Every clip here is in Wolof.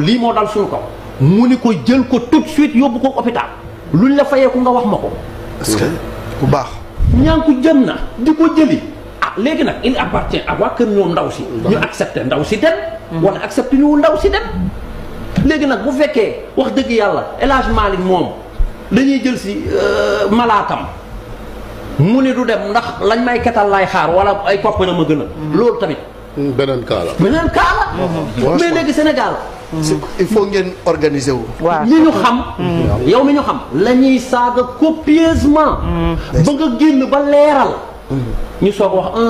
li mo dal jël ko tout de suite yóbbu ko hôpital luñ la fayé ko nga wax mako est-ce que bu baax. jëm na diko jëli. ah il appartient à voir que ñoom ndaw si. ñu accepter ndaw si hmm. wala accepter ñu ndaw si légui nak bu féké wax dëgg yalla dañuy jël si euh, malatam du dem ndax lañ may pas lay xaar wala ay na ma gëna hmm. lool tamit. Hmm, mais Sénégal. il faut ngeen organiser wu. li ñu xam. yow mi ñu xam la ñuy saaga copieusement. Mm. ba nga génn ba leeral. ñu soog wax. Ah.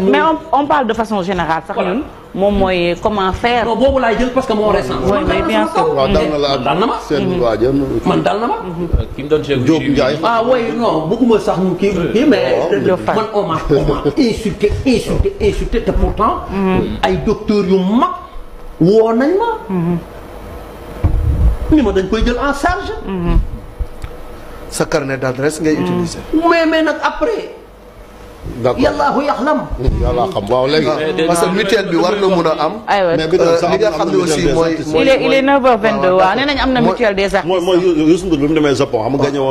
mais on parle de façon générale sax comment faire. Mm-hmm. Euh, ah oui non on insulté pourtant. Mm-hmm. ni ma dañ koy jël en charge. Mhm. sa carnet d'adresse ngay mhm. utiliser. mais mais nag après. d'accord yàllaahu yaxlam. yàllaa xam waaw léegi. parce que mutuelle bi war na mun a am. aywa mais euh, li nga xam ne aussi mooy. il est il est waaw nee nañ am na mutuelle des artistes. mooy mooy Youssou bi mu demee Japon xam nga gagné